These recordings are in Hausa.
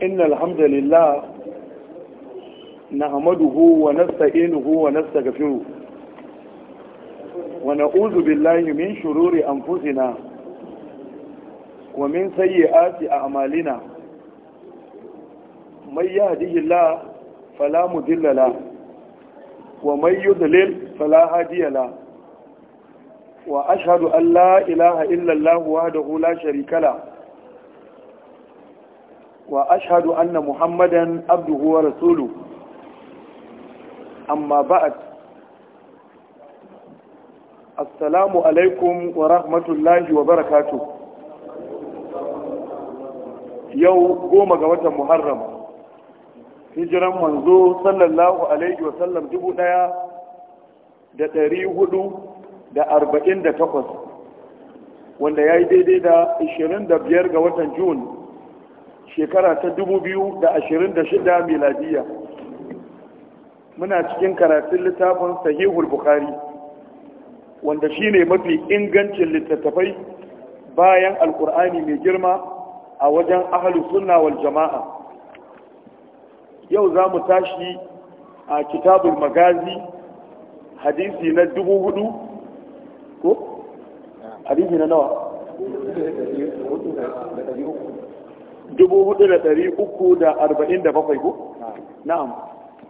inna alhamdulillah nahmaduhu wa nasta'inuhu wa nastaghfiruh wa na'udhu billahi min shururi anfusina wa min sayyiati a'malina may yahdihillah fala mudilla la wa may yudlil fala hadiya wa ashhadu an la ilaha illa allah wahdahu la sharika wa ashadu anna muhammadan abduhu wa rasulu amma ba'ad assalamu alaikum wa rahmatullahi wa barakatu yau goma ga watan muharram hijiran manzo sallallahu alaihi wa sallam dubu daya da dari hudu da arba'in da takwas wanda ya yi daidai da 25 ga watan june shekara ta da 2026 miladiya muna cikin karatun littafin sahihul bukhari wanda shi ne mafi ingancin littattafai bayan alkur'ani mai girma a wajen ahalu sunna wal jama'a yau za mu tashi a kitabul magazi hadisi na dubu hudu ko? hadisi na nawa? dubu hudu da ɗari uku da arba'in da bakwai ko? na'am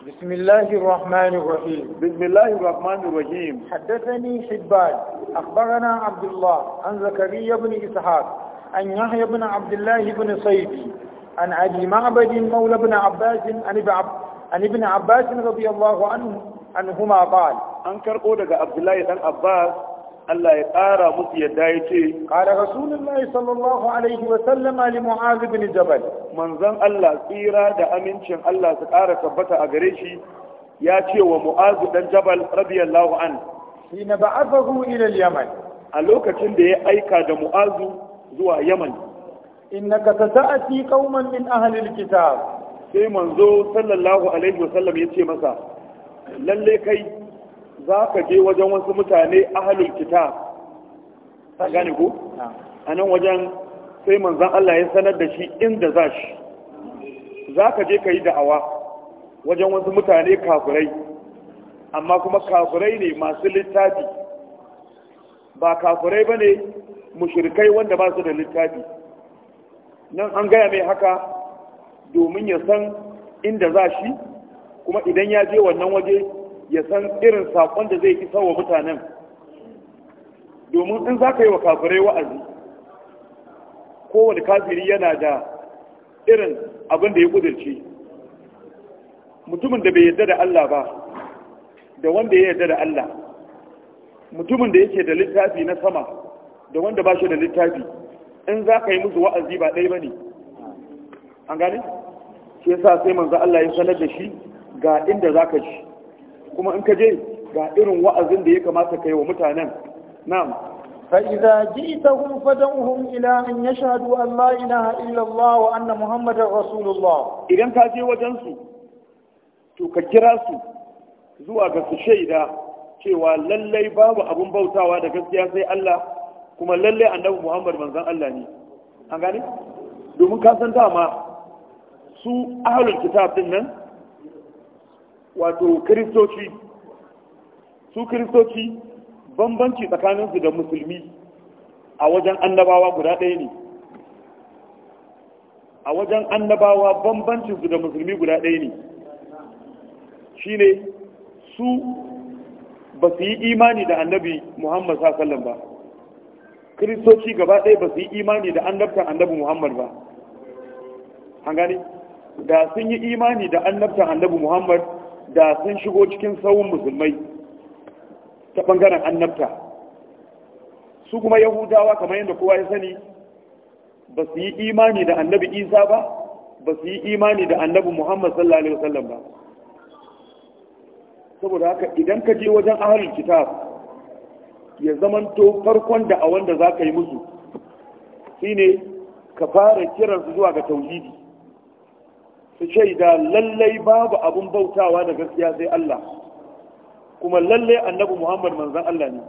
بسم الله الرحمن الرحيم بسم الله الرحمن الرحيم حدثني حبان أخبرنا عبد الله عن زكريا بن إسحاق عن يحيى بن عبد الله بن صيدي عن أبي معبد مولى بن عباس عن ابن عباس رضي الله عنه عنهما قال أنكر قولك عبد الله بن عباس Allah ya ƙara musu yadda ya ce ƙara rasulullahi sallallahu alaihi wa li mu'az bin jabal manzon Allah tsira da amincin Allah su ƙara tabbata a gare shi ya ce wa mu'az dan jabal radiyallahu an na ba'athahu ila yaman a lokacin da ya aika da mu'az zuwa yaman innaka tata'ati qauman min ahli al-kitab sai manzo sallallahu alaihi wa sallam ya ce masa lalle kai za ka je wajen wasu mutane ahalul kitab ta gane ko a nan wajen sai manzan Allah ya sanar da shi inda za shi za ka je ka yi da'awa wajen wasu mutane kafurai, amma kuma kafurai ne masu littafi ba kafurai ba ne mushirikai wanda ba su da littafi nan an gaya mai haka domin ya san inda za shi kuma idan ya je wannan waje ya san irin saƙon da zai isa wa mutanen domin in za ka yi wa kafirai wa'azi kowane kafiri yana da irin abin da ya ƙudurci mutumin da bai yarda da Allah ba da wanda ya yarda da Allah mutumin da yake da littafi na sama da wanda ba shi da littafi in za ka yi musu wa'azi ba ɗaya ba ne an gane? shi yasa sai manzo Allah ya sanar da shi ga inda za ka shi kuma in ka je ga irin wa'azin da ya kamata ka yi wa mutanen na'am فإذا جئتهم فدعوهم إلى أن يشهدوا أن لا إله إلا الله وأن محمد رسول الله إذا كاجي وجنسو to ka kira su zuwa ga su shaida cewa lallai babu abun bautawa da gaskiya sai Allah kuma lallai annabi Muhammad manzon Allah ne domin ka san dama su ahlul kitab ɗin nan wato kiristoci su kiristoci bambanci tsakaninsu da musulmi a wajen annabawa guda ɗaya ne a wajen annabawa bambancinsu da musulmi guda ɗaya ne shi ne su ba su yi imani da annabi muhammad sallam ba kiristoci gaba ɗaya ba su yi imani da annabtan annabi muhammad ba an gani da sun yi imani da annabtan annabi muhammad da sun shigo cikin sauyin musulmai ta bangaren annabta su kuma yahudawa kamar yadda kowa ya sani ba su yi imani da annabi isa ba ba su yi imani da annabi muhammad sallallahu alaihi wasallam ba saboda haka idan ka je wajen ahalin kitab ya zamanto farkon da a wanda za ka yi musu shine ka fara kiransu zuwa ga tauhidi su ce da lallai babu abun bautawa da gaskiya sai Allah kuma lallai annabi Muhammad manzon Allah ne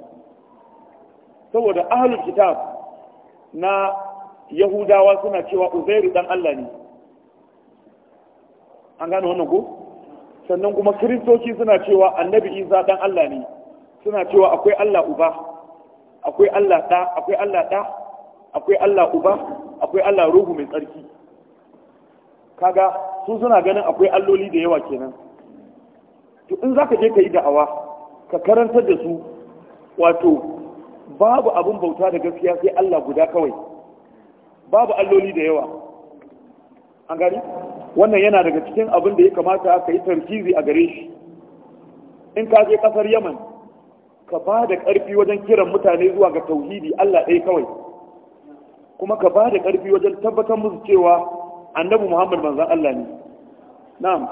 saboda ahlul kitab na yahudawa suna cewa uzairu dan Allah ne an gano wannan ko sannan kuma kiristoci suna cewa annabi isa dan Allah ne suna cewa akwai Allah uba akwai Allah ɗa akwai Allah ɗa akwai Allah uba akwai Allah ruhu mai tsarki kaga sun suna ganin akwai alloli da yawa kenan to in zaka je ka yi da'awa ka karantar da su wato babu abin bauta da gaskiya sai Allah guda kawai babu alloli da yawa an gari wannan yana daga cikin abin da ya kamata ka yi tarkizi a gare shi in ka je kasar Yaman ka ba da ƙarfi wajen kiran mutane zuwa ga tauhidi Allah ɗaya kawai kuma ka ba da ƙarfi wajen tabbatar musu cewa annabi Muhammad manzon Allah ne na'am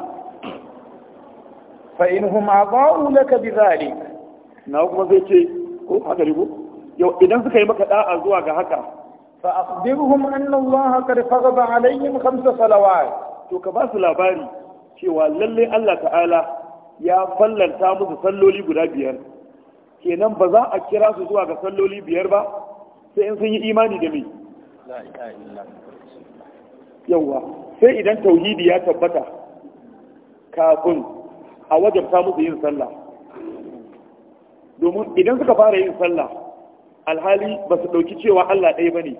fa in hum adau laka bidhalik na kuma zai ce ko haka rigo yau idan suka yi maka da'a zuwa ga haka fa akhbirhum anna Allah qad faghaba alaihim khamsa salawat to ka ba su labari cewa lallai Allah ta'ala ya fallanta musu salloli guda biyar kenan ba za a kira su zuwa ga salloli biyar ba sai in sun yi imani da mai yawa sai idan tauhidi ya tabbata kafin a wajabta musu yin sallah domin idan suka fara yin sallah alhali ba su ɗauki cewa Allah ɗaya ba ne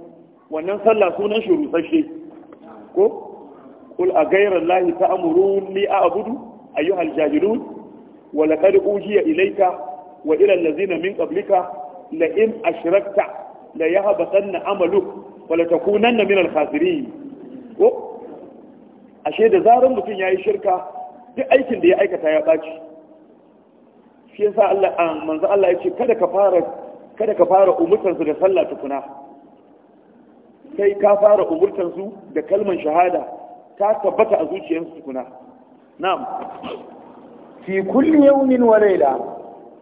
wannan sallah sunan shi rusashe ko kul a gairar lahi ta amurun ni a abudu ayyuhal jahilun wa laqad uhiya ilaika wa ilan lazina min qablika la in ashrakta la yahbatanna amaluk wa la na min al ko ashe da zarar mutum ya yi shirka duk aikin da ya aikata ya ɓaci shi yasa Allah manzo Allah ya ce kada ka fara kada ka fara umurtansu da sallah tukuna sai ka fara umurtansu da kalman shahada ta tabbata a zuciyarsu tukuna na'am fi kulli yawmin wa layla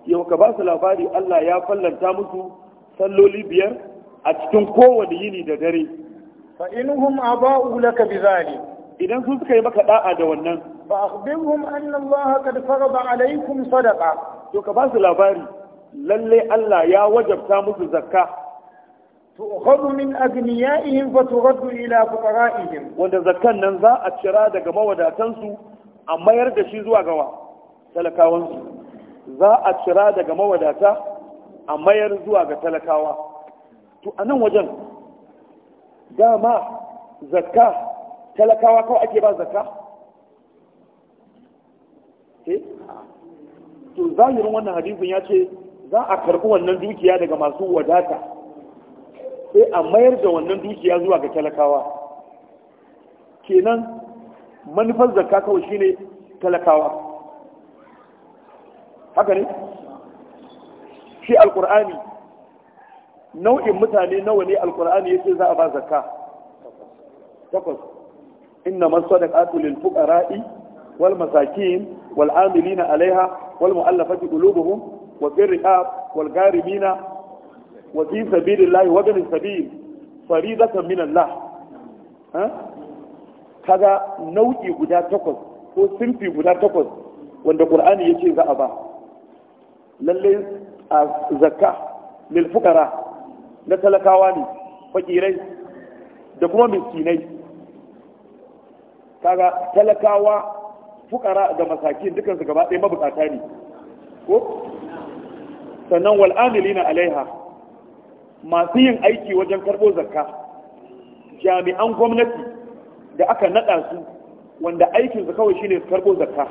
yau ka ba su labari Allah ya fallanta musu salloli biyar a cikin kowane yini da dare fa inhum aba'u laka bi idan sun suka yi maka da'a da wannan فأخبرهم أن الله قد فرض عليكم صدقة to ka basu labari lallai Allah ya wajabta musu zakka tu'khadhu min agniyaihim fa turaddu ila fuqara'ihim wanda zakkan nan za a cira daga mawadatan su a mayar da shi zuwa gawa talakawan za a cira daga mawadata a mayar zuwa ga talakawa to anan wajen dama zakka talakawa kawai ake ba zakka Eh? to zahirin wannan hadisin ya ce za a karɓi wannan dukiya daga masu wadata sai a mayar da wannan dukiya zuwa ga talakawa kenan manufar zakka kawai shine talakawa haka ne shi alkur'ani nau'in mutane nawa ne alkur'ani ce za a ba zakka takwas inna masadaqatu lil fuqara'i wal masakin wal amilina alaiha wal mu'allafati qulubuhum wa fil riqab wal gharimina sabilillahi wa bil sabil faridatan min Allah kaga nau'i guda takwas ko sinfi guda takwas wanda qur'ani yace za a ba a zakka lil fuqara na talakawa ne fakirai da kuma miskinai kaga talakawa fukara da masakin dukansu gaba ɗaya mabukata ne ko sannan na alaiha masu yin aiki wajen karɓo zakka jami'an gwamnati da aka naɗa su wanda aikinsu kawai shine karɓo zakka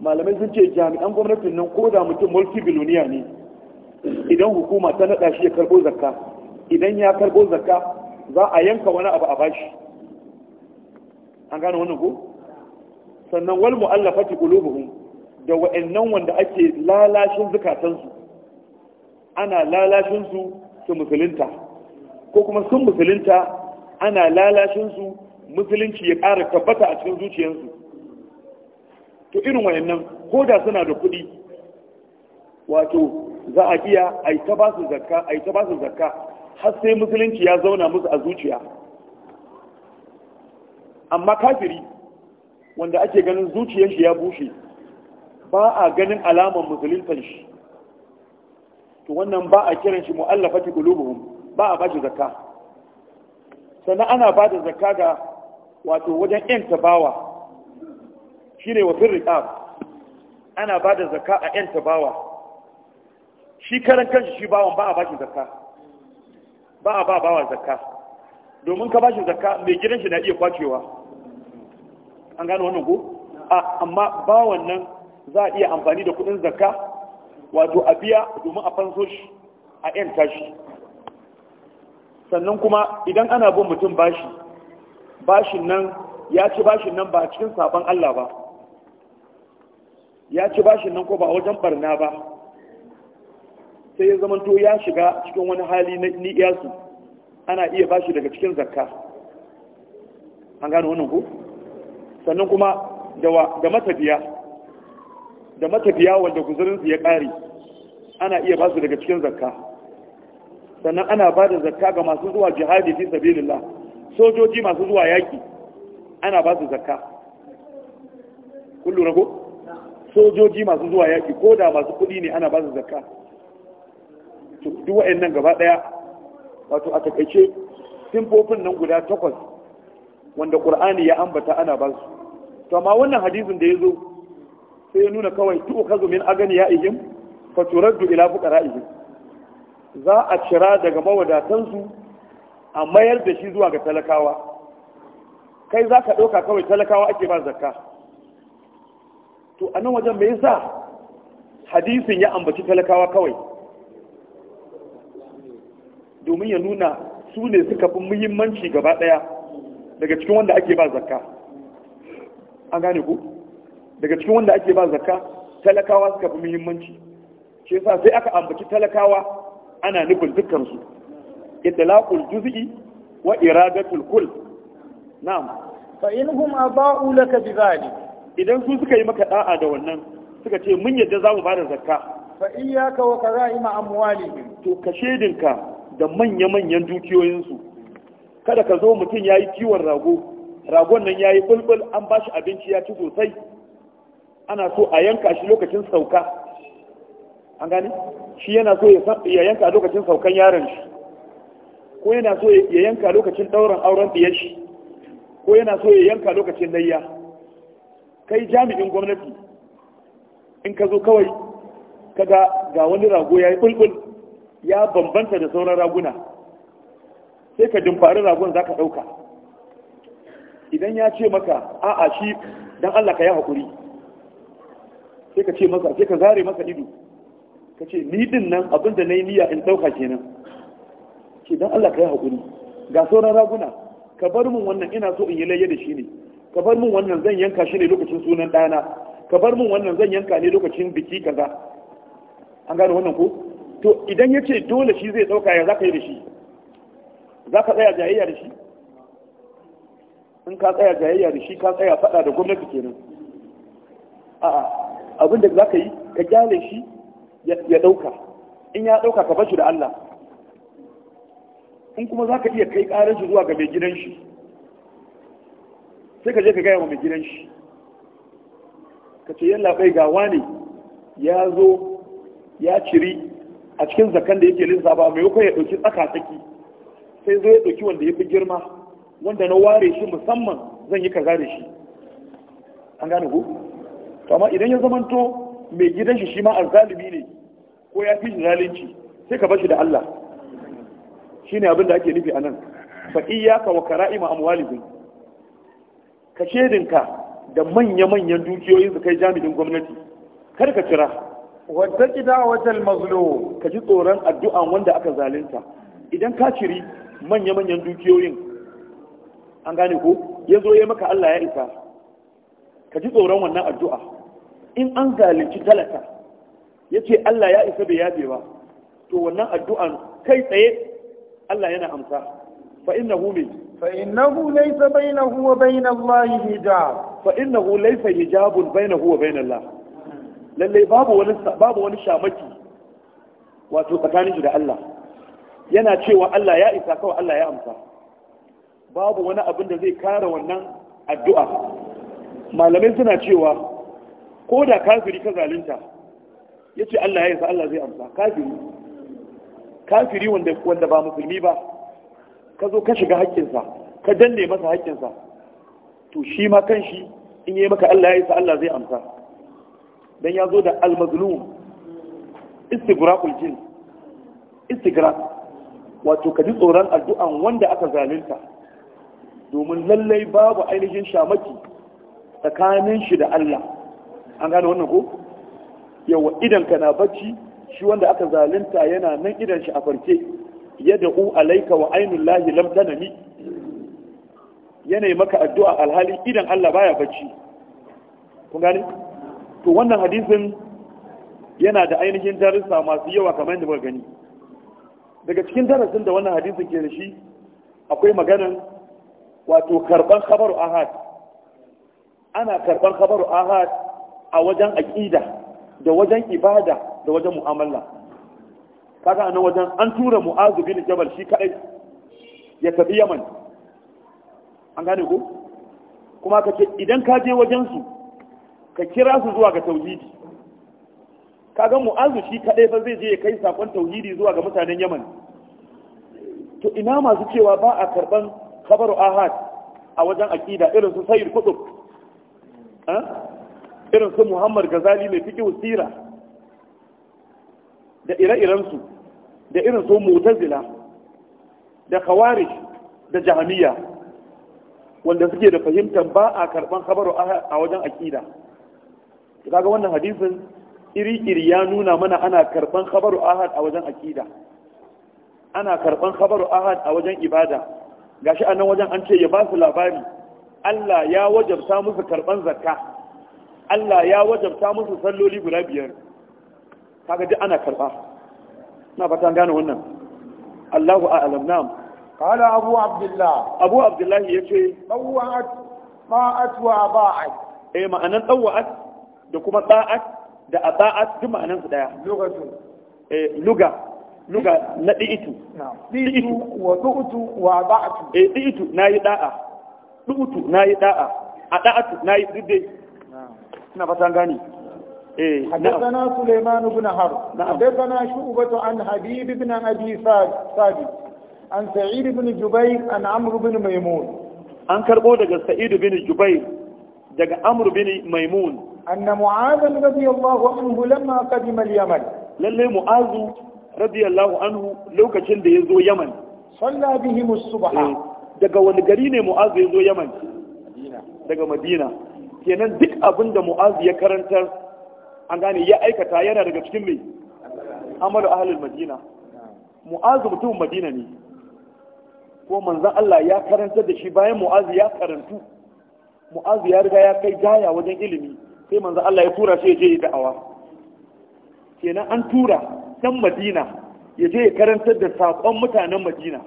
malamai sun ce jami'an gwamnatin nan ko da mutum multibiloniya ne idan hukuma ta naɗa shi ya karɓo zakka idan ya karɓo zakka za a yanka wani abu a bashi an gane wannan ko sannan wal mu'allafati qulubuhum da wa'annan wanda ake lalashin su ana lalashin su su musulunta ko kuma sun musulunta ana lalashin su musulunci ya ƙara tabbata a cikin zuciyarsu to irin wa'annan ko da suna da kuɗi wato za a iya a yi ta ba su zakka a ta ba zakka har sai musulunci ya zauna musu a zuciya amma kafiri wanda ake ganin zuciyar shi ya bushe ba a ganin alaman musuluntar shi to wannan ba a kiran shi mu'allafati qulubuhum ba a bashi zakka sannan ana ba da zakka ga wato wajen yan tabawa shine wa firqab ana ba da zakka a yan tabawa shi karan kanshi shi bawan ba a bashi zakka ba a ba bawa zakka domin ka bashi zakka mai gidan shi na iya kwacewa an gano wannan ko amma ba wannan za a iya amfani da kudin zakka wato a biya domin a fanso shi a yan tashi sannan kuma idan ana bin mutum bashi bashin nan ya ci bashin nan ba a cikin sabon Allah ba ya ci bashin nan ko ba wajen barna ba sai ya zamanto ya shiga cikin wani hali na ni'iyasu ana iya bashi daga cikin zakka an gano wannan ko sannan kuma da matafiya da matafiya wanda guzurinsu ya ƙare ana iya ba su daga cikin zakka sannan ana ba da zakka ga masu zuwa jihadi fi sabilillah sojoji masu zuwa yaƙi ana ba su zakka Kullum rago sojoji masu zuwa yaƙi ko da masu kuɗi ne ana ba su zakka duk wa'annan gaba ɗaya wato a takaice simfofin nan guda takwas wanda ƙur'ani ya ambata ana ba su to amma wannan hadisin da ya zo sai ya nuna kawai tu kazu min ihim fa turaddu ila fuqaraihim za a cira daga mawadatan su a mayar da shi zuwa ga talakawa kai za ka ɗauka kawai talakawa ake ba zakka to a nan wajen mai yasa hadisin ya ambaci talakawa kawai domin ya nuna su ne suka fi muhimmanci gaba ɗaya daga cikin wanda ake ba zakka an gane ku daga cikin wanda ake ba zakka talakawa suka fi muhimmanci shi yasa sai aka ambaci talakawa ana nufin dukkan su itlaqul juz'i wa iradatul kull na'am fa inhum aba'u laka bidhalik idan su suka yi maka da'a da wannan suka ce mun yadda za mu ba da zakka fa iyyaka wa kara'ima amwalihim to ka shedinka da manya-manyan dukiyoyinsu kada ka zo mutum ya yi kiwon rago ragon nan ya yi bulbul an ba shi abinci ya ci sosai ana so a yanka shi lokacin sauka an gani shi yana so ya yanka lokacin saukan yaron shi ko yana so ya yanka lokacin ɗauran auren ɗiyar shi ko yana so ya yanka lokacin layya kai jami'in gwamnati in ka zo kawai kaga ga wani rago ya yi bulbul ya bambanta da sauran raguna sai ka dimfari ragon za ka ɗauka idan ya ce maka a'a shi don Allah ka yi haƙuri sai ka ce maka sai ka zare maka ido ka ce ni nan abin da na yi niyya in ɗauka kenan ce don Allah ka yi haƙuri ga sauran raguna ka bar min wannan ina so in yi layya da shi ne ka bar min wannan zan yanka shi ne lokacin sunan ɗana ka bar min wannan zan yanka ne lokacin biki kaza an gane wannan ko to idan ya ce dole shi zai ɗauka ya za ka yi da shi za ka tsaya jayayya da shi in ka tsaya jayayya da shi ka tsaya faɗa da gwamnati kenan a'a abin da za ka yi ka gyale shi ya ɗauka in ya ɗauka ka bashi da Allah in kuma za ka iya kai karin shi zuwa ga mai gidan shi sai ka je ka gaya wa mai gidan shi ka ce yalla bai ga wani ya zo ya ciri a cikin zakan da yake lissafa maimakon ya ɗauki tsaka tsaki sai zo ya ɗauki wanda ya fi girma wanda na ware shi musamman zan yi kaza da shi an gane ku to amma idan ya zamanto mai gidan shi shi ma azzalimi ne ko ya fi zalunci sai ka bashi da Allah shine abin da ake nufi a nan fa iyyaka wa kara'ima amwalikum ka shedinka da manya-manyan dukiyoyin su kai jami'in gwamnati kar ka kira wata gida wajen mazlum ka ji tsoron addu'an wanda aka zalunta idan ka ciri manya-manyan dukiyoyin an gane ko ya zo ya maka Allah ya isa ka ji tsoron wannan addu'a in an zalunci talata. ya ce Allah ya isa bai yabe ba to wannan addu'an kai tsaye Allah yana amsa fa innahu min فإنه ليس بينه وبين الله حجاب فإنه ليس حجاب بينه وبين الله للي باب ونسا باب ونشامكي واتو تكاني yana cewa Allah ya isa kawai Allah ya amsa babu wani abin da zai kare wannan addu'a malamai suna cewa ko da kafiri ka zalunta ya ce Allah ya isa Allah zai amsa kafiri kafiri wanda ba musulmi ba ka zo ka shiga haƙƙinsa ka danne masa haƙƙinsa to shi ma kan shi in yi maka Allah ya isa Allah zai amsa don ya zo da al-mazlum istigraqul jin wato ka ji tsoron addu'an wanda aka zalunta domin lallai babu ainihin shamaki tsakanin shi da Allah an gane wannan ko yawa idan ka na bacci shi wanda aka zalunta yana nan idan shi a farke ya ku alaika wa ainihin lahi lam tanami yanayi maka addu'a alhali idan Allah baya bacci kun gane to wannan hadisin yana da ainihin darussa masu yawa kamar yadda muka gani daga cikin darasin da wannan hadisin ke da shi akwai magana wato karban khabaru ahad ana karban khabaru ahad a wajen aqida da wajen ibada da wajen mu'amala kaga nan wajen an tura mu'azu bin jabal shi kaɗai. ya tafi yaman an gane ko kuma ka ce idan ka je wajen su ka kira su zuwa ga tauhidi kaga mu'azu shi kadai fa zai je ya kai sakon tauhidi zuwa ga mutanen yaman to ina masu cewa ba a karban khabaru ahad a wajen aqida irin su sayyid kutub eh? irin su muhammad gazali mai fiqh usira da ire su, da irin su mutazila da khawarij da jahamiya wanda suke da fahimtar ba a karban ahad a wajen aqida kaga wannan hadisin iri-iri ya nuna mana ana karɓan khabaru ahad a wajen akida ana karɓan khabaru ahad a wajen ibada gashi a nan wajen an ce ya ba su labari Allah ya wajabta musu karban zakka Allah ya wajabta musu salloli guda biyar kaga duk ana karɓa. na fata gane wannan Allahu a'lam nam qala abu abdullah abu abdullah yace bawa'at ma'at wa ba'at eh ma'anan tawa'at da kuma ta'at da aba'at duk ma'anan su daya eh, luga luga na di'itu di'itu wa du'utu wa aba'atu eh di'itu nayi da'a du'utu nayi da'a a da'atu nayi dide ina fata gani حدثنا سليمان بن حرب حدثنا شعبة عن حبيب بن أبي ثابت عن سعيد بن جبير عن عمرو بن ميمون عن كربو دقى سعيد بن جبير دقى عمرو بن ميمون أن معاذا رضي الله عنه لما قدم اليمن للي معاذ رضي الله عنه لو كشن دي يزو يمن صلى بهم الصبح daga wani gari ne mu'azu ya zo yaman daga madina kenan duk abin da mu'azu ya karantar an gane ya aikata yana daga cikin mai amalu ahalul madina mu'azu mutum madina ne ko manzan Allah ya karantar da shi bayan mu'azu ya karantu mu'azu ya riga ya kai gaya wajen ilimi sai manzo Allah ya tura shi ya je da'awa kenan an tura dan Madina ya je ya karantar da sakon mutanen Madina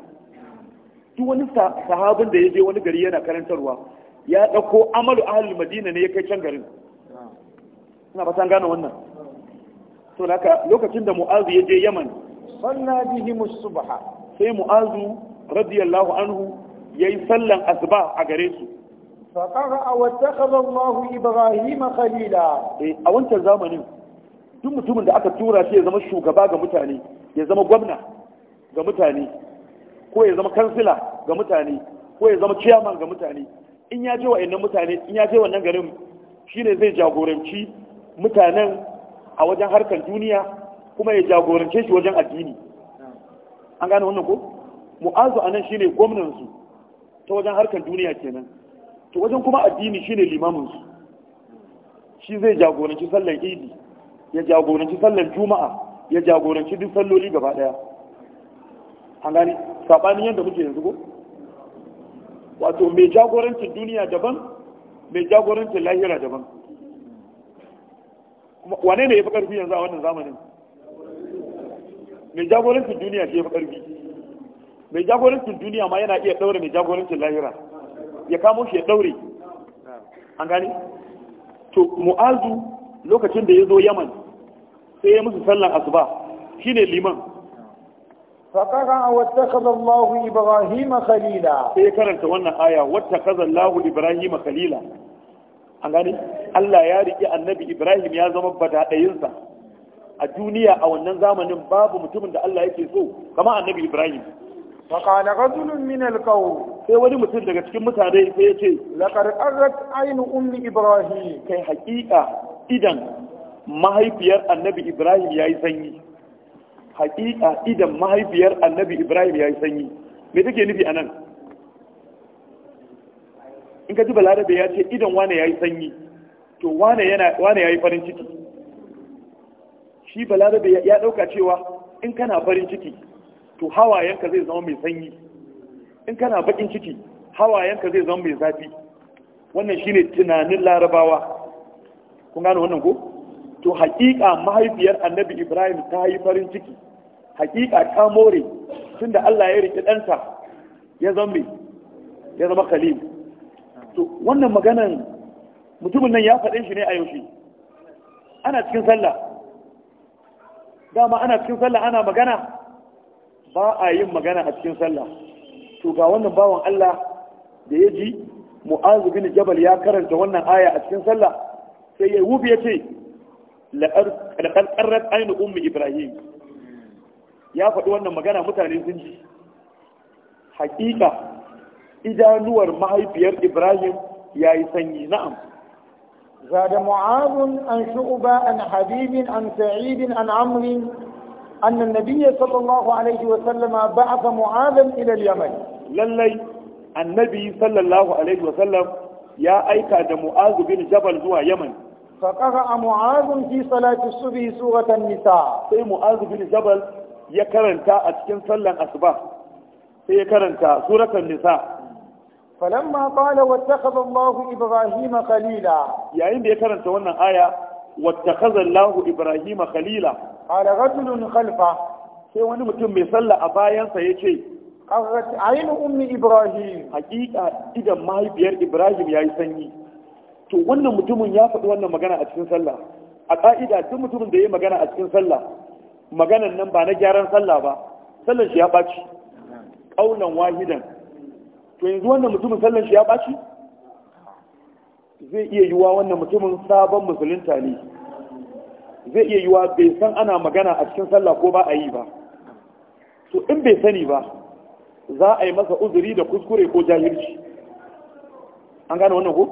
duk wani sahabin da ya je wani gari yana karantarwa ya dauko amalu ahlul Madina ne ya kai can garin ina san gane wannan to haka lokacin da Mu'azu ya je Yaman salla bihim subha sai Mu'azu radiyallahu anhu yayi sallan asuba a gare su فقرأ واتخذ الله إبراهيم خليلا a wancan zamanin duk mutumin da aka tura shi ya zama shugaba ga mutane ya zama gwamna ga mutane ko ya zama kansila ga mutane ko ya zama ciyaman ga mutane in ya je wa'annan mutane in ya je wannan garin shine zai jagoranci mutanen a wajen harkar duniya kuma ya jagorance shi wajen addini an gane wannan ko mu'azu anan shine gwamnan su ta wajen harkar duniya kenan to wajen kuma addini shine limamin su shi zai jagoranci sallar idi ya jagoranci sallar juma'a ya jagoranci duk salloli gaba daya an gani sabanin yadda muke yanzu ko wato mai jagorancin duniya daban mai jagorancin lahira daban wane ne ya fi ƙarfi yanzu a wannan zamanin mai jagorancin duniya shi ya fi ƙarfi mai jagorancin duniya ma yana iya ɗaura mai jagorancin lahira ya kamo shi ya daure an gani? to mu'azu lokacin da ya zo yaman sai ya musu sallan asuba shine liman a wata kazan Lahu Ibrahim Khalila. sai ya karanta wannan aya kazan Lahu Ibrahim khalila an gani Allah ya riki annabi Ibrahim ya zama badaɗayinsa a duniya a wannan zamanin babu mutumin da Allah yake so kama annabi Ibrahim فقال رجل من القوم sai wani mutum daga cikin mutane sai ya ce laƙar arrat ainu ummi ibrahim kai haƙiƙa idan mahaifiyar annabi ibrahim ya yi sanyi haƙiƙa idan mahaifiyar annabi ibrahim ya yi sanyi me take nufi anan in ka ji balarabe ya ce idan wane ya yi sanyi to wane ya yi farin ciki shi balarabe ya ɗauka cewa in kana farin ciki to hawayenka zai zama mai sanyi in kana bakin ciki hawayenka zai zama mai zafi wannan shine tunanin larabawa kun gane wannan ko to hakika mahaifiyar annabi ibrahim ta yi farin ciki hakika ta more tun da allah ya riƙe ɗansa ya zama ya zama khalil to wannan maganan mutumin nan ya faɗin shi ne a yaushe ana cikin sallah dama ana cikin sallah ana magana ba a yin magana a cikin sallah to ga wannan bawan Allah da ya ji mu'azu bin jabal ya karanta wannan aya a cikin sallah sai ya wubi ya ce da ƙanƙarar aynu ummi ibrahim ya faɗi wannan magana mutane sun ji Haƙiƙa idanuwar mahaifiyar ibrahim ya yi sanyi na'am زاد معاذ عن شعبة عن حبيب عن سعيد عن عمرو أن النبي صلى الله عليه وسلم بعث معاذا إلى اليمن lallai annabi sallallahu alaihi wasallam ya aika da mu'azu bin jabal zuwa yaman فقرا معاذ في صلاه الصبح سوره النساء سي معاذ بن جبل يكرنتا a cikin sallar asuba sai karanta suratan nisa فلما wata واتخذ الله ابراهيم خليلا yayin da ya karanta wannan aya واتخذ الله ابراهيم خليلا قال رجل خلفه sai wani mutum mai sallah a bayansa ya ce. qarrat ayin ummi ibrahim hakika idan mahaifiyar ibrahim yayi sanyi to wannan mutumin ya faɗi wannan magana a cikin sallah a ka'ida duk mutumin da ya magana a cikin sallah maganan nan ba na gyaran sallah ba sallar shi ya ɓaci qaulan wahidan to yanzu wannan mutumin sallar shi ya ɓaci zai iya yiwa wannan mutumin sabon musulunta ne zai iya yiwa bai san ana magana a cikin sallah ko ba a yi ba to in bai sani ba za a yi masa uzuri da kuskure ko jahilci an gane wannan ko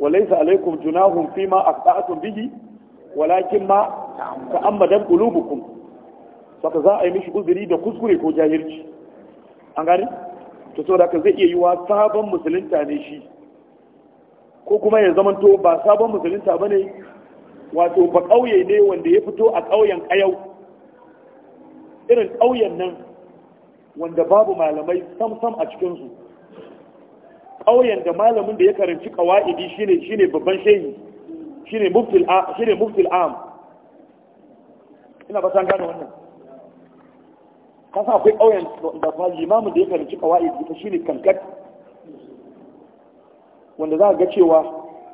walaysa alaikum junahum ma aqta'tum bihi walakin ma ta'ammadat qulubukum saka za a yi mishi uzuri da kuskure ko jahilci an gane to saboda ka zai iya yiwa sabon musulunta ne shi ko kuma ya zamanto ba sabon musulunta bane wato ba kauye ne wanda ya fito a kauyen ayau irin kauyen nan wanda babu malamai sam-sam a cikinsu ƙauyen da malamin da ya karanci ƙawa'idi shine shine babban shehi shine muftil am ina ba san gane wannan kasa akwai ƙauyen da ba limamin da ya karanci ƙawa'idi ta shine kankat wanda za ga cewa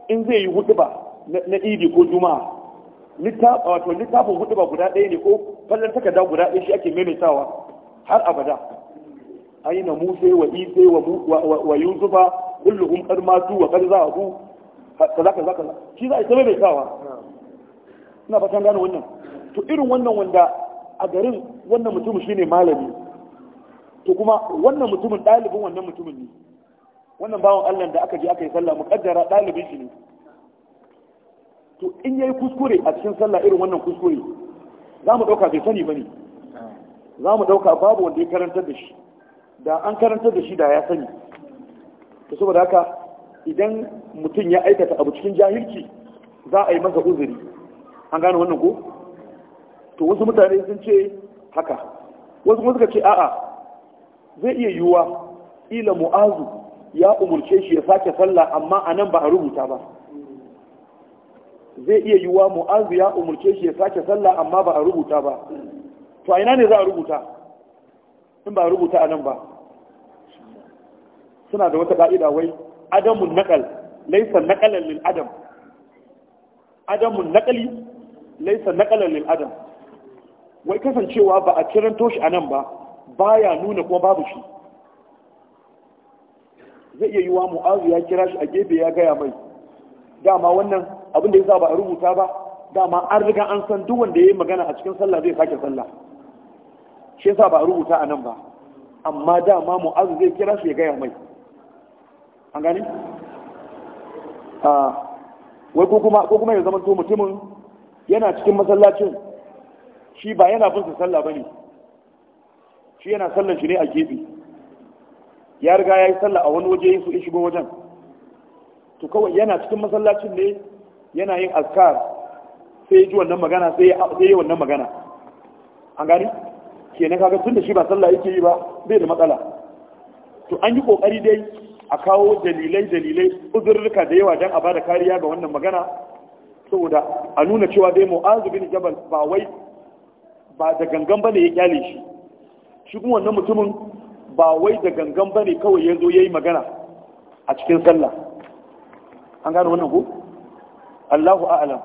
in zai yi ba na idi ko juma'a littafin ba guda ɗaya ne ko fallon takarda guda ɗaya shi ake maimaitawa har abada aina musa wa isa wa yusufa kulluhum qad matu wa qad zahabu kaza kaza shi za a tabe mai sawa ina fatan gane wannan to irin wannan wanda a garin wannan mutumin shine malami to kuma wannan mutumin dalibin wannan mutumin ne wannan bawan Allah da aka je aka yi sallah muƙaddara dalibin shi ne to in yayi kuskure a cikin sallah irin wannan kuskure za mu ɗauka bai sani ba ne za mu ɗauka babu wanda ya karanta da shi da an karanta da shi da ya sani to saboda haka idan mutum ya aikata abu cikin jahilci za a yi masa uzuri an gane wannan ko to wasu mutane sun ce haka wasu kuma suka ce a'a zai iya yiwuwa ila mu'azu ya umurce shi ya sake sallah amma a ba a rubuta ba zai iya yiwuwa mu'azu ya umurce shi ya sake sallah amma ba a rubuta ba to a ina ne za a rubuta in ba a rubuta a ba suna da wata ka'ida wai adamun naƙal laisa naƙalan lil adam adamun naƙali laisa lil adam wai kasancewa ba a kiran toshi anan ba baya nuna kuma babu shi zai iya yi wa mu'azu ya kira shi a gefe ya gaya mai dama wannan abin da ya sa ba a rubuta ba dama an riga an san duk wanda ya yi magana a cikin sallah zai sake sallah shi yasa ba a rubuta a nan ba amma dama mu'azu zai kira su ya gaya mai an gani ah, wai ko kuma ya zama to mutumin yana cikin masallacin shi ba yana bin su sallah ne, shi yana sallan shi ne a gefe ya riga ya yi sallah a wani waje su shigo wajen to kawai yana cikin masallacin ne yana yin azkar sai ji wannan magana sai ya yi wannan magana an gani kenan kaga tunda shi ba sallah yake yi ba bai da matsala to an yi kokari dai a kawo dalilai dalilai uzurruka da yawa dan a bada kariya ga wannan magana saboda a nuna cewa dai mu'azu bin jabal ba wai ba da gangan bane ya kyale shi shi kuma wannan mutumin ba wai da gangan bane kawai ya zo ya yi magana a cikin sallah an gano wannan ko Allahu a'lam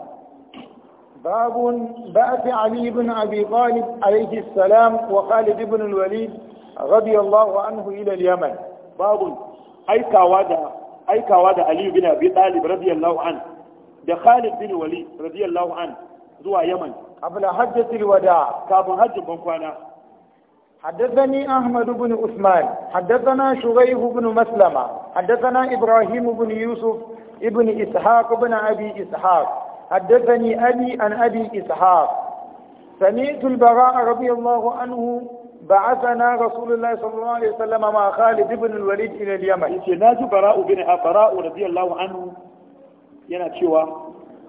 باب بأس علي بن أبي طالب عليه السلام وخالد بن الوليد رضي الله عنه إلى اليمن باب أي كوادا أي كوادا علي بن أبي طالب رضي الله عنه ده خالد بن الوليد رضي الله عنه زوا يمن قبل حجة الوداع كابن حج بنكوانا حدثني أحمد بن عثمان حدثنا شغيب بن مسلمة حدثنا إبراهيم بن يوسف ابن إسحاق بن أبي إسحاق حدثني أبي عن أبي إسحاق سمعت البراء رضي الله عنه بعثنا رسول الله صلى الله عليه وسلم مع خالد بن الوليد إلى اليمن ناجي براء بن براء رضي الله عنه yana cewa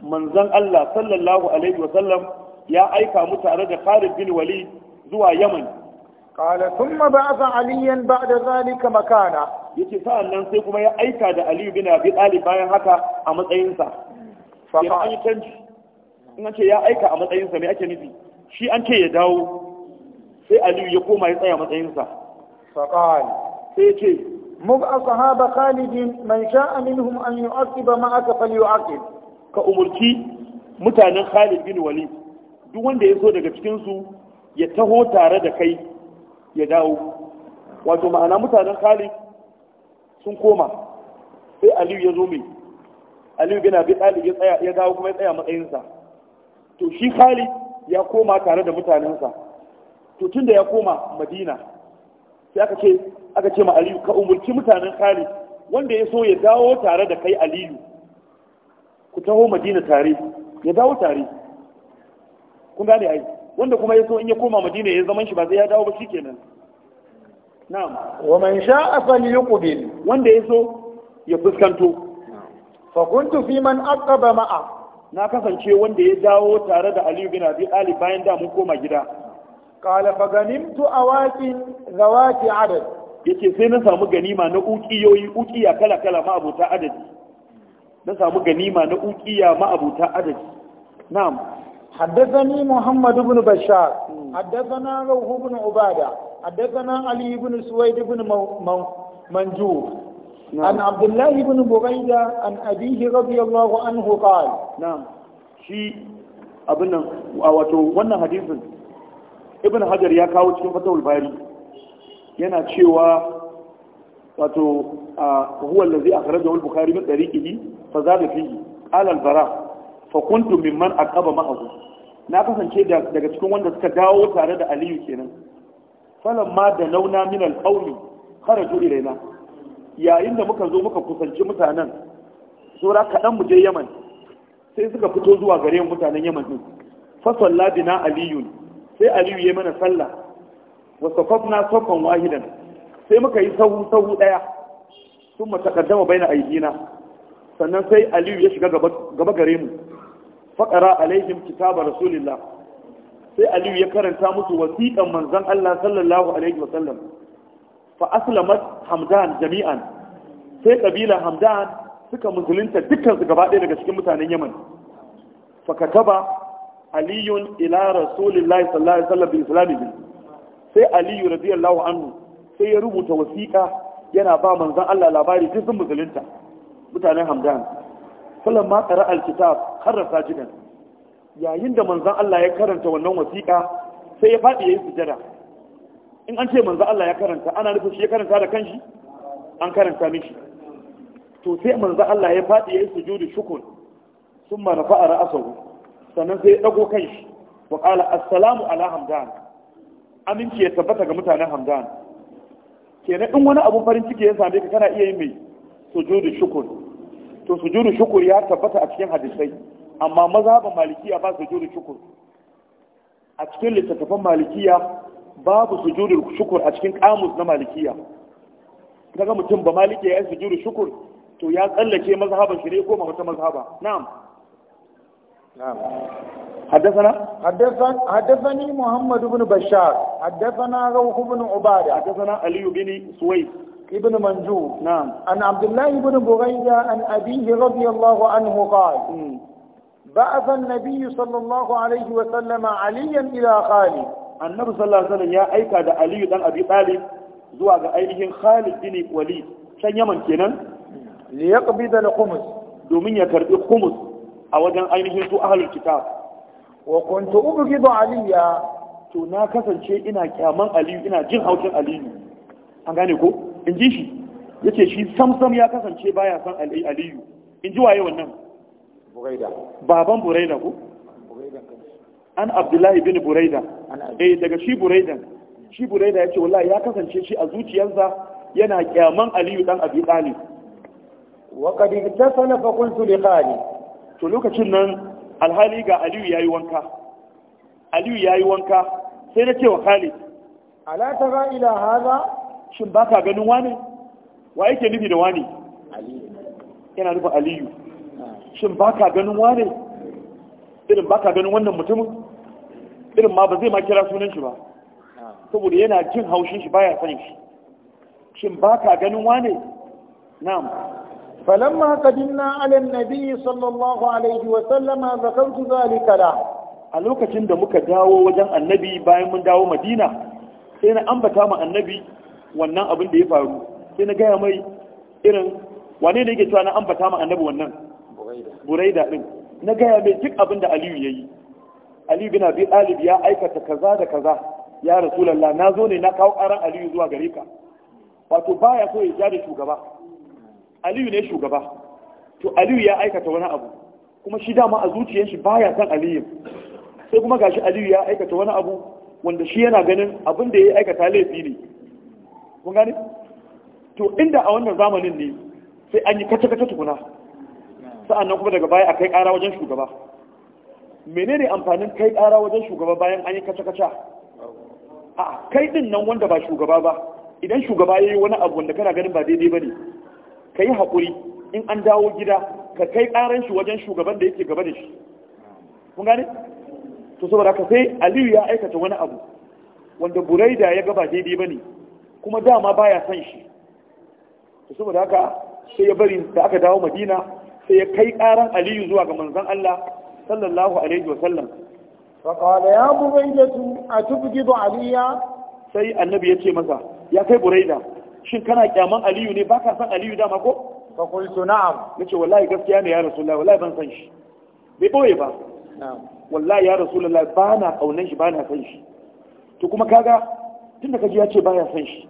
manzon Allah sallallahu alaihi wa sallam ya aika mu tare da Khalid bin Wali zuwa Yaman qala thumma ba'atha aliyan ba'da zalika makana yace sa'an nan sai kuma ya aika da Aliyu bin Abi bayan haka a matsayinsa. kenan an canji in an ce ya aika a matsayinsa mai ake nufi shi an ce ya dawo sai aliyu ya koma ya tsaya matsayinsa faƙal sai ce mug ashaba khalidin man sha'a minhum an yu'aqiba ma aka falyu'aqib ka umarci mutanen Khalid bin duk wanda ya so daga cikinsu ya taho tare da kai ya dawo wato ma'ana mutanen Khalid sun koma sai Aliyu ya zo mai aliyu bin abi talib ya tsaya ya dawo kuma ya tsaya matsayinsa to shi khalid ya koma tare da mutanensa to tun da ya koma madina sai aka ce aka ce ma aliyu ka umurci mutanen khalid wanda ya so ya dawo tare da kai aliyu ku taho madina tare ya dawo tare kun gane ai wanda kuma ya so in ya koma madina ya zaman shi ba sai ya dawo ba shikenan na'am wa man sha'a falyuqbil wanda ya so ya fuskanto fa fi man aqaba ma'a na kasance wanda ya dawo tare da Ali bin Abi Talib bayan da mun koma gida qala fa ganimtu awaqin zawati adad yace sai na samu ganima na ukiyoyi ukiya kala kala ma abuta adadi na samu ganima na ukiya ma abuta adadi na'am حدثني محمد بن بشار حدثنا روح بن عبادة حدثنا علي بن سويد بن منجور عن عبد الله بن بريدة عن أبيه رضي الله عنه قال نعم شيء أبنا وأوتو وانا حديث ابن حجر يا كاو cikin fatawul bari yana cewa wato huwa allazi akhrajahu al-bukhari min tariqihi fa zada fihi qala al-bara fa kuntu na kasance daga cikin wanda suka dawo tare da aliyu kenan ma da launa min al kara kharaju ilaina yayin da muka zo muka kusanci mutanen sura kaɗan mu je yaman sai suka fito zuwa gare mu mutanen yaman din fasalla bina aliyun sai aliyu ya mana sallah wa safafna safan wahidan sai muka yi sahu sahu daya sun mu takaddama baina aidina sannan sai aliyu ya shiga gaba gare mu faƙara alaihim kitaba rasulillah sai aliyu ya karanta musu wasiƙan manzan Allah sallallahu alaihi wasallam fa aslamat hamdan jami'an sai kabila hamdan suka musulunta dukkan su gaba ɗaya daga cikin mutanen yaman fa kataba aliyun ila rasulillahi sallallahu alaihi wasallam bi islamihi sai aliyu radiyallahu anhu sai ya rubuta wasiƙa yana ba manzon Allah labari duk sun musulunta mutanen hamdan sallan ma qara alkitab harra sajidan yayin da manzon Allah ya karanta wannan wasiƙa sai ya faɗi yayin sujada in an ce manzo Allah ya karanta ana nufin shi ya karanta da kanshi an karanta mishi to sai manzo Allah ya fadi ya yi sujudu shukr thumma rafa'a ra'sahu sannan sai ya dago kanshi wa qala assalamu ala hamdan aminci ya tabbata ga mutanen hamdan kenan in wani abu farin ciki ya same ka kana iya yin mai sujudu shukr to sujudu shukr ya tabbata a cikin hadisai amma mazhaban malikiya ba sujudu shukr a cikin littattafan malikiya babu sujudul shukur a cikin kamus na malikiya kaga mutum ba maliki ya sujudul shukur to ya tsallake mazhaban shi ne ko ma wata mazhaba na'am na'am حدثنا حدثنا حدثني محمد بن بشار حدثنا روح بن عبادة حدثنا علي بن سويد ابن منجور نعم عن عبد الله بن بغيدة عن أبيه رضي الله عنه قال بعث النبي صلى الله عليه وسلم عليا إلى خالد annabi sallallahu alaihi wasallam ya aika da aliyu dan abi talib zuwa ga ainihin khalid bin walid can yaman kenan li yaqbida al-khums domin ya karbi khums a wajen ainihin su ahlul kitab wa kuntu ubghidu aliya to na kasance ina kyaman aliyu ina jin haukin aliyu an gane ko in ji shi yace shi samsam ya kasance baya san aliyu in ji waye wannan buraida baban buraida ko an abdullahi bin buraida eh daga shi buraidan shi buraida ya ce wallahi ya kasance shi a zuciyarsa yana kyaman aliyu dan abi talib wa qad ittasala fa qultu li qali to lokacin nan alhali ga aliyu yayi wanka aliyu yayi wanka sai na ce wa khalid ala tara ila hada shin baka ganin wani wa yake nufi da wani yana nufin aliyu ah. shin baka ganin wani irin baka ganin wannan mutumin irin ma ba zai ma kira sunan shi ba saboda yana jin haushin shi baya sanin shi shin ba ka ganin wane na'am فلما قدمنا على النبي صلى الله عليه وسلم ذكرت ذلك له a lokacin da muka dawo wajen annabi bayan mun dawo madina sai na ambata ma annabi wannan abin da ya faru sai na gaya mai irin wane ne yake cewa na ambata ma annabi wannan buraida din na gaya mai duk abin da aliyu ya yi ali bin abi talib ya aikata kaza da kaza ya rasulullah na zo ne na kawo karan aliyu zuwa gare ka wato baya so ya ja da shugaba aliyu ne shugaba to aliyu ya aikata wani abu kuma shi dama a zuciyar shi baya san aliyu sai kuma gashi aliyu ya aikata wani abu wanda shi yana ganin abin da ya aikata laifi ne kun gane to inda a wannan zamanin ne sai an yi kata-kata tukuna sa'annan kuma daga baya a kai kara wajen shugaba Mene ne amfanin kai ƙara wajen shugaba bayan an yi kaca-kaca a kai din nan wanda ba shugaba ba idan shugaba ya yi wani abu wanda kana ganin ba daidai ba ne ka yi haƙuri in an dawo gida ka kai ƙaran shi wajen shugaban da yake gaba da shi kun gane to saboda ka sai aliyu ya aikata wani abu wanda buraida ya gaba daidai ba ne kuma dama baya son shi to saboda haka sai ya bari da aka dawo madina sai ya kai ƙaran aliyu zuwa ga manzon allah sallallahu alaihi wa sallam fa qala ya buraidatu atubghidu aliya sai annabi ya ce masa ya kai buraida shin kana kyaman aliyu ne baka san aliyu dama ko fa qultu na'am nace wallahi gaskiya ne ya rasulullahi wallahi ban san bai boye ba na'am wallahi ya rasulullahi ba na kaunan shi ba to kuma tunda kaji ya ce baya san shi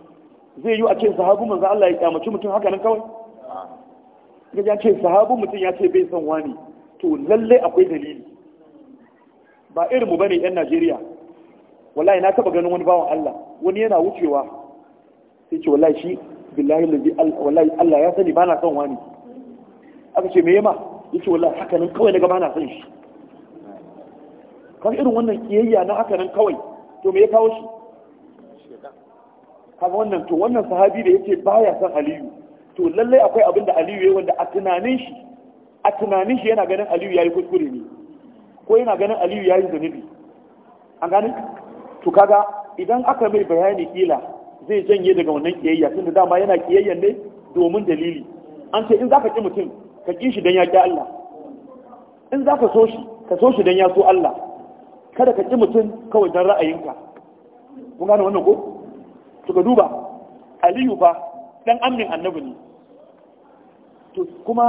zai yi a ce sahabu manzo Allah ya kyamaci mutum haka nan kawai kaji ya ce sahabu mutum ya ce bai san wani to lalle akwai dalili ba irin mu bane yan Najeriya wallahi na taba ganin wani bawan Allah wani yana wucewa sai ce wallahi shi billahi lazi wallahi Allah ya sani ba na son wani aka ce me yema yace wallahi haka nan kawai daga ba na son shi kan irin wannan kiyayya na haka nan kawai to me ya kawo shi kaga wannan to wannan sahabi da yake baya son Aliyu to lallai akwai abin da Aliyu yayi wanda a tunanin shi a tunanin shi yana ganin aliyu ya yi kuskure ne ko yana ganin aliyu ya yi zunubi an gani to kaga idan aka mai bayani kila zai janye daga wannan kiyayya tunda dama yana kiyayyan ne domin dalili an ce in zaka ki mutum ka ki shi dan ya ki Allah in zaka so shi ka so shi dan ya so Allah kada ka ki mutum kawai dan ra'ayinka kun gane wannan ko to ka duba Aliyu fa dan amin annabi ne to kuma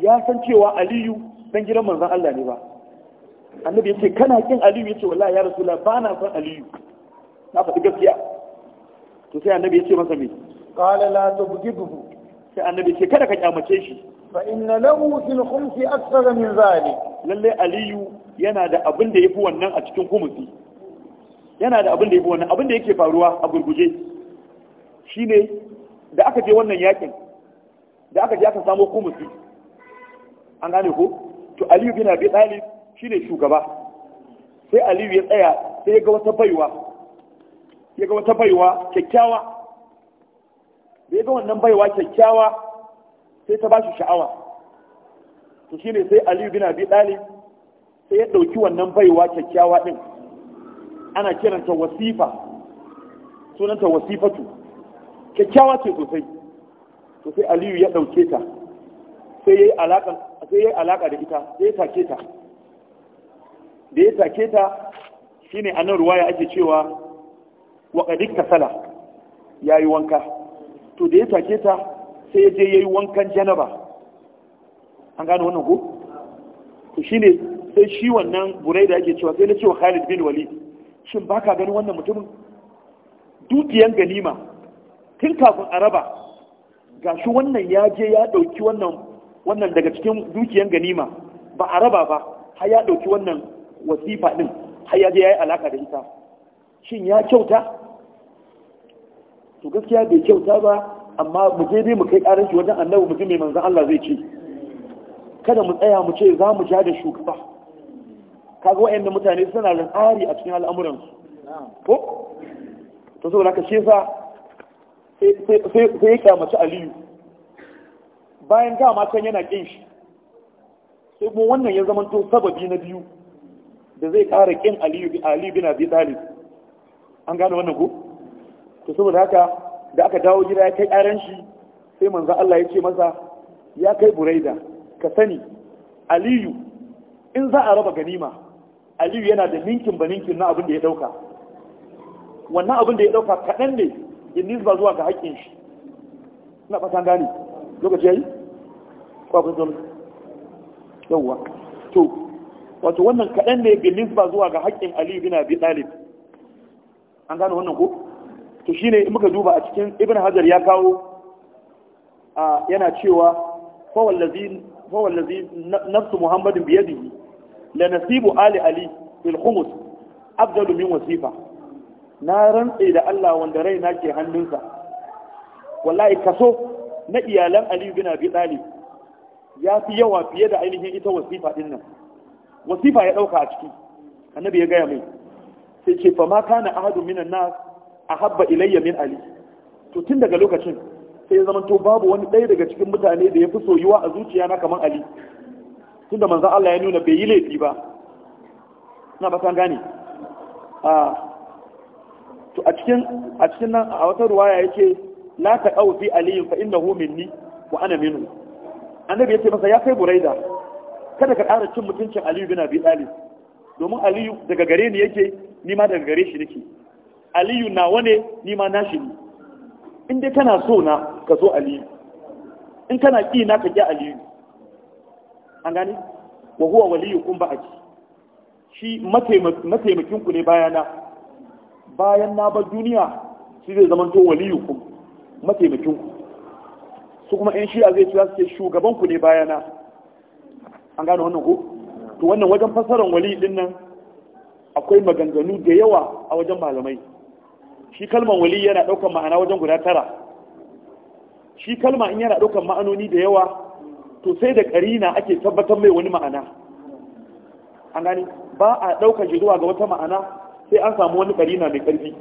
ya san cewa aliyu dan gidan manzon Allah ne ba annabi yace kana kin aliyu yace wallahi ya rasulullah ba na san aliyu na faɗi gaskiya to sai annabi yace masa me qala la tubghidhu sai annabi yace kada ka kyamace shi fa inna lahu fil khumsi akthara min zalik lalle aliyu yana da abin da yafi wannan a cikin khumsi yana da abin da yafi wannan abin da yake faruwa a gurguje shine da aka je wannan yakin da aka je aka samo khumsi an gane ko to aliyu bin abi talib shine shugaba sai aliyu ya tsaya sai ya ga wata baiwa ya ga wata baiwa kyakkyawa da ya ga wannan baiwa kyakkyawa sai ta ba shi sha'awa to shine sai aliyu bin abi talib sai ya ɗauki wannan baiwa kyakkyawa din. ana kiranta wasifa sunanta wasifatu kyakkyawa ce sosai to sai aliyu ya ɗauke ta sai ya yi alaƙar sai ya alaka da ita sai ya take ta da ya take ta shine a nan ruwaya ake cewa wa sala ya yi wanka to da ya take ta sai ya je ya yi wankan janaba an gano wannan ko to shine sai shi wannan burai da ake cewa sai na cewa Khalid bin Wali. shin baka gani wannan mutumin dukiyan ganima tun kafin a raba shi wannan ya je ya dauki wannan wannan daga cikin dukiyan ganima ba a raba ba har ya ɗauki wannan wasifa ɗin har ya je ya yi alaƙa da ita shin ya kyauta to gaskiya bai kyauta ba amma mu je dai mu kai ƙarar shi wajen annabi mu ji mai manzan Allah zai ce kada mu tsaya mu ce za mu ja da shugaba kaga wa'annan mutane suna da tsari a cikin al'amuran su. ko to saboda ka shi sai sai ya kyamaci aliyu bayan dama can yana kin shi sai kuma wannan ya zama to sababi na biyu da zai ƙara ƙin aliyu bin abi talib an gane wannan ko to saboda haka da aka dawo gida ya kai ƙaran shi sai manzo Allah ya ce masa ya kai buraida ka sani aliyu in za a raba ganima aliyu yana da ninkin ba ninkin na abin da ya dauka wannan abin da ya dauka kaɗan ne in nisba zuwa ga hakkin shi na fatan gane lokaci yayi ko abin yawwa to wato wannan kaɗan ne bilis ba zuwa ga haƙƙin ali bin abi talib an gano wannan ko to shine in muka duba a cikin ibn hajar ya kawo a yana cewa fa wallazi fa wallazi nafsu muhammadin bi la nasibu ali ali fil khumus afdal min wasifa na rantse da Allah wanda raina ke hannunsa wallahi kaso na iyalan Ali bin Abi Talib ya fi yawa fiye da ainihin ita wasifa din nan wasifa ya dauka a ciki annabi ya gaya mai sai ce fa ma kana ahadu minan nas ahabba ilayya min Ali to tun daga lokacin sai ya to babu wani ɗaya daga cikin mutane da ya fi soyuwa a zuciya na kamar Ali tun da manzan Allah ya nuna bai yi laifi ba na ba san gane ah, a cikin nan a wata ruwaya yake la taqaw fi aliyin fa innahu minni wa ana minhu annabi yace masa ya kai buraida kada ka ƙara cin mutuncin aliyu bin abi talib domin aliyu daga gare ni yake ni ma daga gare shi nake aliyu nawa ne ni ma nashi ne in dai kana so na ka zo aliyu in kana ƙi na ka ƙi aliyu an gane wa huwa waliyu kun ba a ci shi mataimakin ku ne bayana bayan na bar duniya shi zai zama to waliyu kun mataimakin ku su kuma yan shi'a zai su suke shugaban ku ne bayana an gane wannan ku to wannan wajen fasaran wali din nan akwai maganganu da yawa a wajen malamai shi kalman wali yana ɗaukar ma'ana wajen guda tara shi kalma in yana ɗaukar ma'anoni da yawa to sai da ƙarina ake tabbatar mai wani ma'ana an gani ba a ɗaukar shi zuwa ga wata ma'ana sai an samu wani ƙarina mai ƙarfi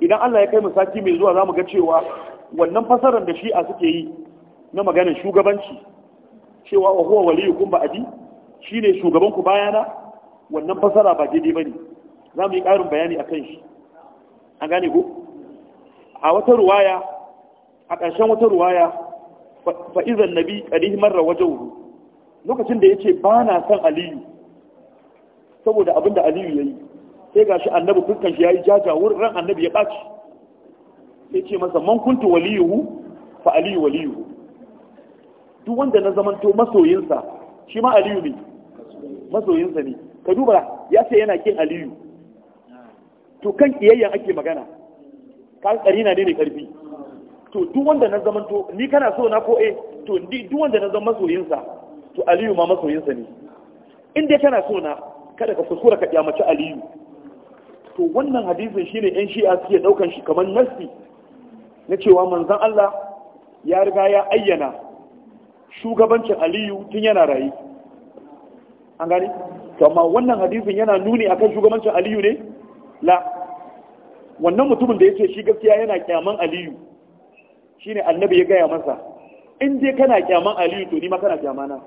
idan Allah ya kai mu sati mai zuwa zamu ga cewa wannan fasarar da shi'a suke yi na maganar shugabanci cewa wa huwa waliyukum ba'di shine shugaban ku bayana wannan fasara ba daidai bane zamu yi ƙarin bayani akan shi an gane ko a wata ruwaya a ƙarshen wata ruwaya fa izan nabi qadihi marra wajhu lokacin da yace ba na son aliyu saboda abinda aliyu yayi sai ga shi annabi dukkan shi yayi jajawur ran annabi ya baci Ya ce masa man kuntu waliyuhu fa aliyu waliyuhu duk wanda na zamanto masoyinsa shi ma aliyu ne masoyinsa ne ka duba ya ce yana kin aliyu to kan kiyayya ake magana ka karina ne ne karfi to duk wanda na zamanto ni kana so na ko eh to duk wanda na zama masoyinsa to aliyu ma masoyinsa ne in dai kana so na kada ka kuskura ka kyamaci aliyu to wannan hadisin shine yan shi'a suke daukan shi kamar nasi na cewa manzon Allah ya riga ya ayyana shugabancin Aliyu tun yana rayi an gani to amma wannan hadisin yana nuni akan shugabancin Aliyu ne la wannan mutumin da ce shi gaskiya yana kyaman Aliyu shine annabi ya gaya masa in dai kana kyaman Aliyu to ni ma kana kyamana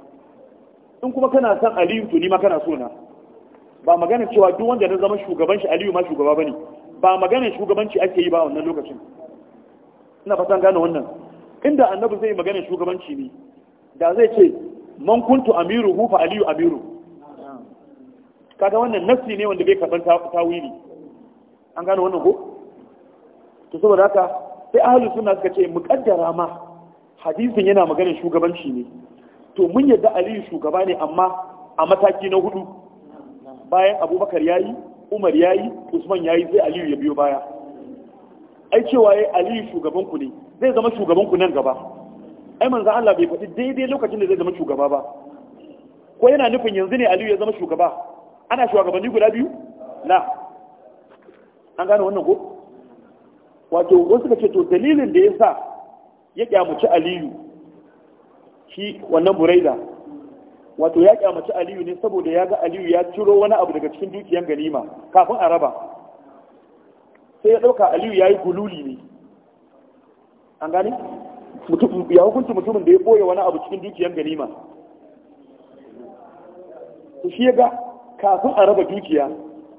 in kuma kana son Aliyu to ni ma kana so na ba magana cewa duk wanda na zama shugaban shi aliyu ma shugaba bane ba magana shugabanci ake yi ba wannan lokacin ina fatan gane wannan inda annabi zai magana shugabanci ne da zai ce man kuntu amiru fa aliyu amiru kaga wannan nassi ne wanda bai karban tawili an gane wannan ko to saboda haka sai ahli sunna suka ce muqaddara ma hadisin yana magana shugabanci ne to mun yadda aliyu shugaba ne amma a mataki na hudu bayan abubakar ya yi umar ya yi usman ya yi zai aliyu ya biyo baya ai cewa ya aliyu shugabanku ne zai zama shugabanku nan gaba ai manzan allah bai faɗi daidai lokacin da zai zama shugaba ba ko yana nufin yanzu ne aliyu ya zama shugaba ana shugabanni guda biyu na an gane wannan ko wato wasu ka ce to dalilin da ya sa ya kyamuci aliyu shi wannan buraida wato ya kyamaci aliyu ne saboda ya ga aliyu ya ciro wani abu daga cikin dukiyan ganima kafin a raba sai ya ɗauka aliyu ya yi gululi ne an gani ya hukunci mutumin da ya ɓoye wani abu cikin dukiyan ganima shi ya ga kafin a raba dukiya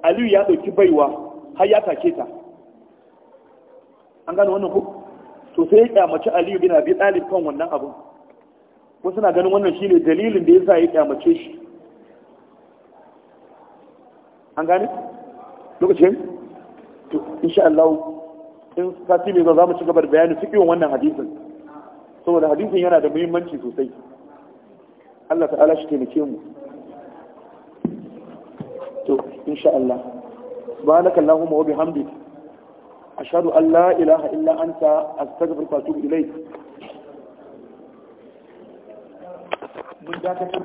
aliyu ya ɗauki baiwa har ya take ta an gano wannan ku to sai ya kyamaci aliyu bin abi ɗalib kan wannan abun wasu na ganin wannan shine dalilin da yasa ya kyamace shi an gane lokacin to insha Allah in sati mai za mu ci gaba da bayanin cikin wannan hadisin saboda hadisin yana da muhimmanci sosai Allah ta'ala shi taimake mu to insha Allah subhanaka allahumma wa bihamdika ashhadu an la ilaha illa anta astaghfiruka wa atubu ilayk mun dakatar da